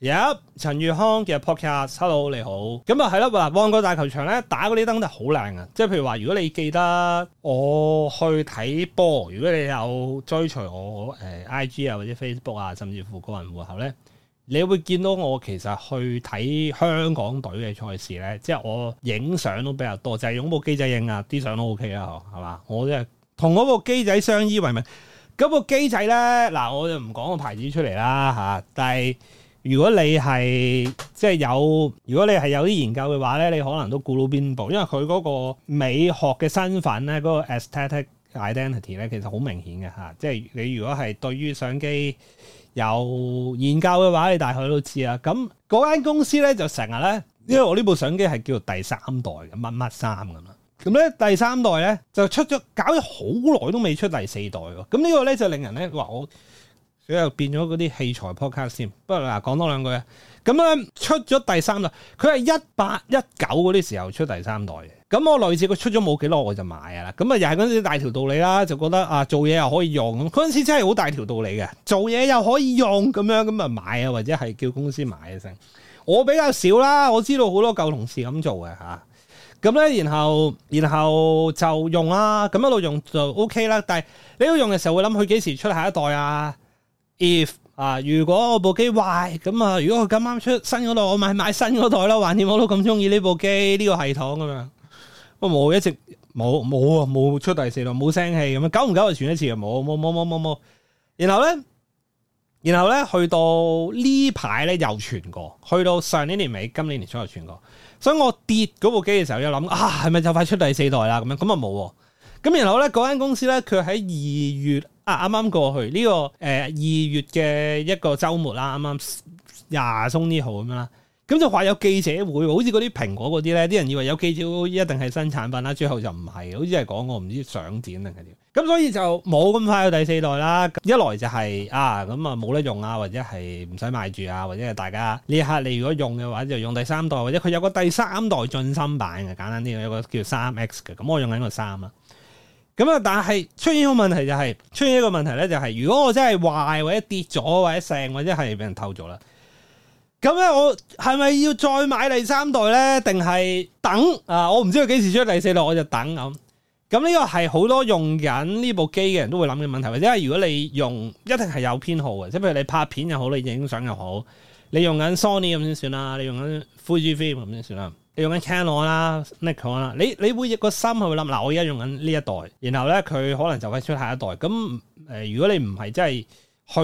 有陳宇康嘅 Podcast，Hello 你好，咁啊係啦嗱，旺角大球場咧打嗰啲燈就好靚啊！即係譬如話，如果你記得我去睇波，如果你有追隨我誒、呃、IG 啊或者 Facebook 啊，甚至乎個人戶口咧，你會見到我其實去睇香港隊嘅賽事咧，即係我影相都比較多，就係、是、用部機仔影啊，啲相都 OK 啦，係嘛，我即係同嗰部機仔相依為命。咁部機仔咧，嗱我就唔講個牌子出嚟啦吓，但係。如果你係即係有，如果你係有啲研究嘅話咧，你可能都估到邊部，因為佢嗰個美學嘅身份咧，嗰個 aesthetic identity 咧，其實好明顯嘅嚇。即係你如果係對於相機有研究嘅話，你大概都知啊。咁嗰間公司咧就成日咧，因為我呢部相機係叫做第三代嘅乜乜三咁啦。咁咧第三代咧就出咗搞咗好耐都未出第四代喎。咁呢個咧就令人咧話我。佢又變咗嗰啲器材 podcast 先，不過嗱講多兩句啊，咁、嗯、咧出咗第三代，佢係一八一九嗰啲時候出第三代嘅，咁、嗯、我類似佢出咗冇幾耐我就買啊啦，咁、嗯、啊又係嗰陣時大條道理啦，就覺得啊做嘢又可以用，嗰陣時真係好大條道理嘅，做嘢又可以用咁樣咁啊買啊，或者係叫公司買啊剩，我比較少啦，我知道好多舊同事咁做嘅嚇，咁、啊、咧、嗯、然後然後就用啦，咁、嗯、一路用就 OK 啦，但係你要用嘅時候會諗佢幾時出下一代啊？if 啊，如果我部機壞咁啊，如果佢咁啱出新嗰台，我咪買買新嗰台咯。橫掂我都咁中意呢部機呢個系統咁樣。我冇一直冇冇啊，冇出第四代，冇聲氣咁啊。久唔久就傳一次啊，冇冇冇冇冇冇。然後咧，然後咧去到呢排咧又傳過，去到上年年尾、今年年初又傳過。所以我跌嗰部機嘅時候，又諗啊，係咪就快出第四代啦？咁樣咁啊冇。咁然後咧，嗰間公司咧，佢喺二月。啊，啱啱過去呢個誒二月嘅一個週末啦，啱啱廿中啲號咁樣啦，咁就話有記者會，好似嗰啲蘋果嗰啲咧，啲人以為有記者一定係新產品啦，最後就唔係，好似係講我唔知上展定係點，咁所以就冇咁快有第四代啦。一來就係啊，咁啊冇得用啊，或者係唔使買住啊，或者係大家呢刻你如果用嘅話，就用第三代，或者佢有個第三代進新版嘅簡單啲，有個叫三 X 嘅，咁我用緊個三啊。咁啊！但係出現一個問題就係、係、出現一個問題咧、就係，就係如果我真係壞或者跌咗或者成，或者係俾人偷咗啦，咁咧我係咪要再買第三代咧？定係等啊？我唔知佢幾時出第四代，我就等咁。咁呢個係好多用緊呢部機嘅人都會諗嘅問題，或者係如果你用一定係有偏好嘅，即係譬如你拍片又好，你影相又好，你用緊 Sony 咁先算啦，你用緊富士 V 咁先算啦。你用緊 Canon 啦、Nikon 啦，你你會個心去諗，嗱，我而家用緊呢一代，然後咧佢可能就會出下一代。咁誒、呃，如果你唔係真係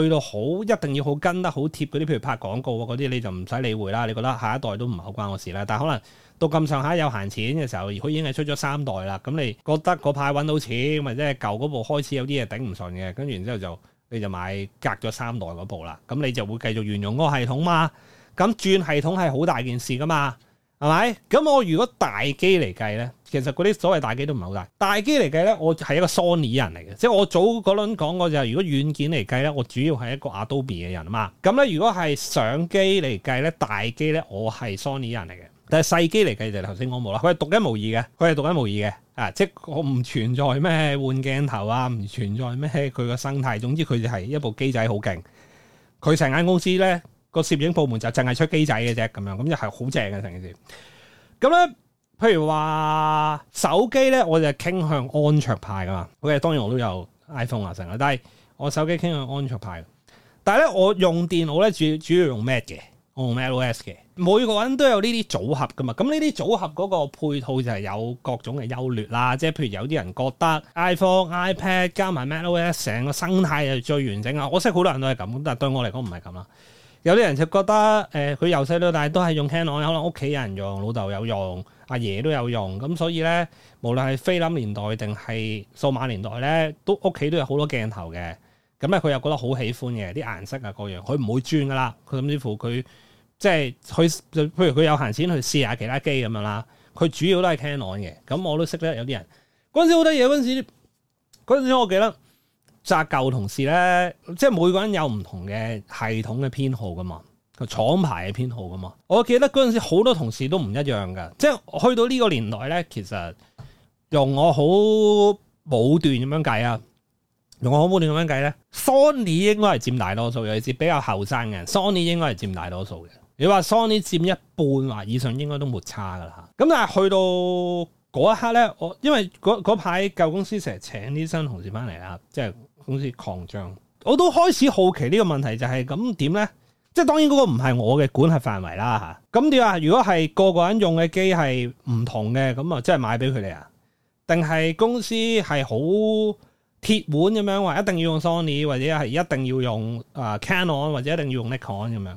去到好，一定要好跟得好貼嗰啲，譬如拍廣告嗰啲，你就唔使理會啦。你覺得下一代都唔係好關我事啦。但係可能到咁上下有閒錢嘅時候，佢已經係出咗三代啦。咁你覺得嗰派搵到錢，或者舊嗰部開始有啲嘢頂唔順嘅，跟住然之後就你就買隔咗三代嗰部啦。咁你就會繼續沿用嗰個系統嘛？咁轉系統係好大件事噶嘛？係咪？咁 我如果大機嚟計咧，其實嗰啲所謂大機都唔係好大。大機嚟計咧，我係一個 Sony 人嚟嘅，即係我早嗰輪講過就係如果軟件嚟計咧，我主要係一個 Adobe 嘅人啊嘛。咁咧，如果係相機嚟計咧，大機咧我係 Sony 人嚟嘅。但係細機嚟計就頭先講冇啦，佢係獨一無二嘅，佢係獨一無二嘅啊！即係我唔存在咩換鏡頭啊，唔存在咩佢個生態，總之佢就係一部機仔好勁。佢成間公司咧。個攝影部門就淨係出機仔嘅啫，咁樣咁就係好正嘅成件事。咁咧，譬如話手機咧，我就傾向安卓派噶嘛。OK，當然我都有 iPhone 啦、啊，成啦，但係我手機傾向安卓派。但係咧，我用電腦咧，主主要用 Mac 嘅，我用 MacOS 嘅。每個人都有呢啲組合噶嘛。咁呢啲組合嗰個配套就係有各種嘅優劣啦。即係譬如有啲人覺得 iPhone、iPad 加埋 MacOS 成個生態係最完整啊。我識好多人都係咁，但係對我嚟講唔係咁啦。有啲人就覺得誒，佢由細到大都係用 Canon，可能屋企有人用，老豆有用，阿爺,爺都有用，咁所以咧，無論係菲林年代定係數碼年代咧，都屋企都有好多鏡頭嘅。咁咧，佢又覺得好喜歡嘅啲顏色啊，各樣，佢唔會轉噶啦。佢甚至乎佢即係佢譬如佢有閒錢去試下其他機咁樣啦。佢主要都係 Canon 嘅。咁我都識得有啲人嗰陣時好多嘢嗰陣時，嗰陣時我記得。扎舊同事咧，即係每個人有唔同嘅系統嘅編號噶嘛，個廠牌嘅編號噶嘛。我記得嗰陣時好多同事都唔一樣嘅，即係去到呢個年代咧，其實用我好武斷咁樣計啊，用我好武斷咁樣計咧，Sony 應該係佔大多數，尤其是比較後生嘅，Sony 應該係佔大多數嘅。你話 Sony 佔一半或以上應該都沒差噶啦。咁但係，去到嗰一刻咧，我因為嗰排舊公司成日請啲新同事翻嚟啦，即係。公司狂漲，我都開始好奇呢個問題，就是，就係咁點咧？即係當然嗰個唔係我嘅管轄範圍啦嚇。咁你話如果係個個人用嘅機係唔同嘅，咁啊即係買俾佢哋啊？定係公司係好鐵腕咁樣話一定要用 Sony，或者係一定要用啊 Canon，或者一定要用 Nikon 咁樣？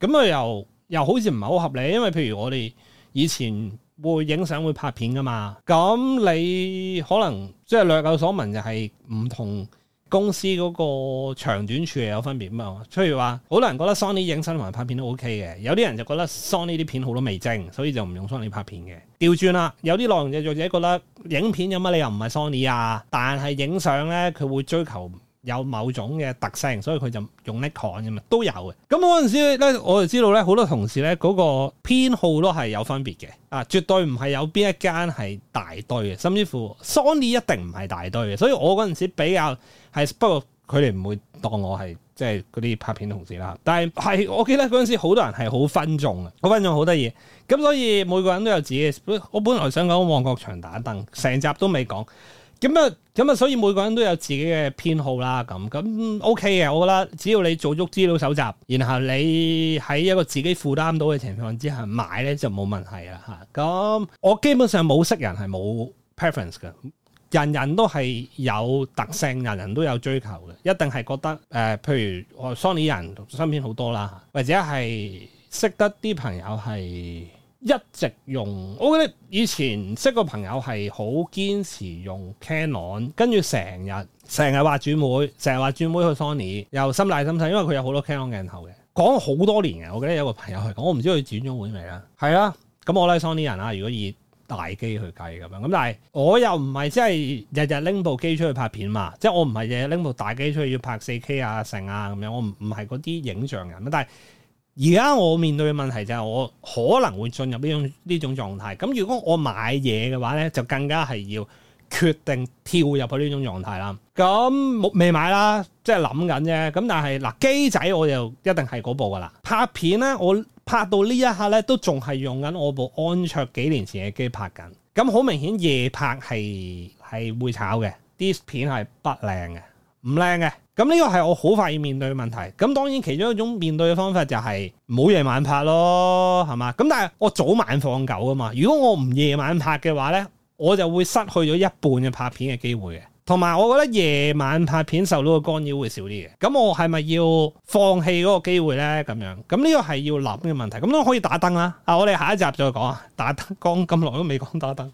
咁啊又又好似唔係好合理，因為譬如我哋以前會影相會拍片噶嘛，咁你可能即係略有所聞，就係唔同。公司嗰個長短處係有分別嘛？譬如話，好多人覺得 Sony 影新同埋拍片都 OK 嘅，有啲人就覺得 Sony 啲片好多味精，所以就唔用 Sony 拍片嘅。調轉啦，有啲內容製作者覺得影片有乜理由唔係 Sony 啊，但係影相咧佢會追求，有某種嘅特性，所以佢就用 Nikon 咁嘛，都有嘅。咁我嗰陣時咧，我就知道咧，好多同事咧嗰、嗰個偏好都係有分別嘅啊，絕對唔係有邊一間係大堆嘅，甚至乎 Sony 一定唔係大堆嘅。所以我嗰陣時比較係，不過佢哋唔會當我係即係嗰啲拍片同事啦。但係係我記得嗰陣時，好多人係好分眾啊，個分眾好得意。咁所以每個人都有自己嘅。我本來想講旺角長打凳，成集都未講。咁啊，咁啊、嗯，所以每個人都有自己嘅偏好啦。咁咁、嗯、OK 嘅，我覺得只要你做足資料搜集，然後你喺一個自己負擔到嘅情況之下買咧就冇問題啦。嚇，咁我基本上冇識人係冇 preference 嘅，人人都係有特性，人人都有追求嘅，一定係覺得誒、呃，譬如我 Sony 人身邊好多啦，或者係識得啲朋友係。一直用，我覺得以前識個朋友係好堅持用 Canon，跟住成日成日話轉會，成日話轉會去 Sony，又心大心細，因為佢有好多 Canon 鏡頭嘅，講咗好多年嘅。我記得有個朋友係講，我唔知佢轉咗會未啦。係啊，咁我拉 Sony 人啊，如果以大機去計咁樣，咁但係我又唔係即係日日拎部機出去拍片嘛，即係我唔係日日拎部大機出去要拍四 K 啊成啊咁樣，我唔唔係嗰啲影像人啊，但係。而家我面對嘅問題就係我可能會進入呢種呢種狀態，咁如果我買嘢嘅話咧，就更加係要決定跳入去呢種狀態啦。咁未買啦，即係諗緊啫。咁但係嗱機仔我就一定係嗰部㗎喇。拍片咧，我拍到呢一刻咧都仲係用緊我部安卓幾年前嘅機拍緊。咁好明顯夜拍係係會炒嘅，啲片係不靚嘅。唔靚嘅，咁呢個係我好快要面對嘅問題。咁當然，其中一種面對嘅方法就係唔好夜晚拍咯，係嘛？咁但係我早晚放狗啊嘛。如果我唔夜晚拍嘅話呢，我就會失去咗一半嘅拍片嘅機會嘅。同埋，我覺得夜晚拍片受到嘅干擾會少啲嘅。咁我係咪要放棄嗰個機會呢？咁樣，咁呢個係要諗嘅問題。咁都可以打燈啦。啊，我哋下一集再講啊。打燈，講咁耐都未講打燈。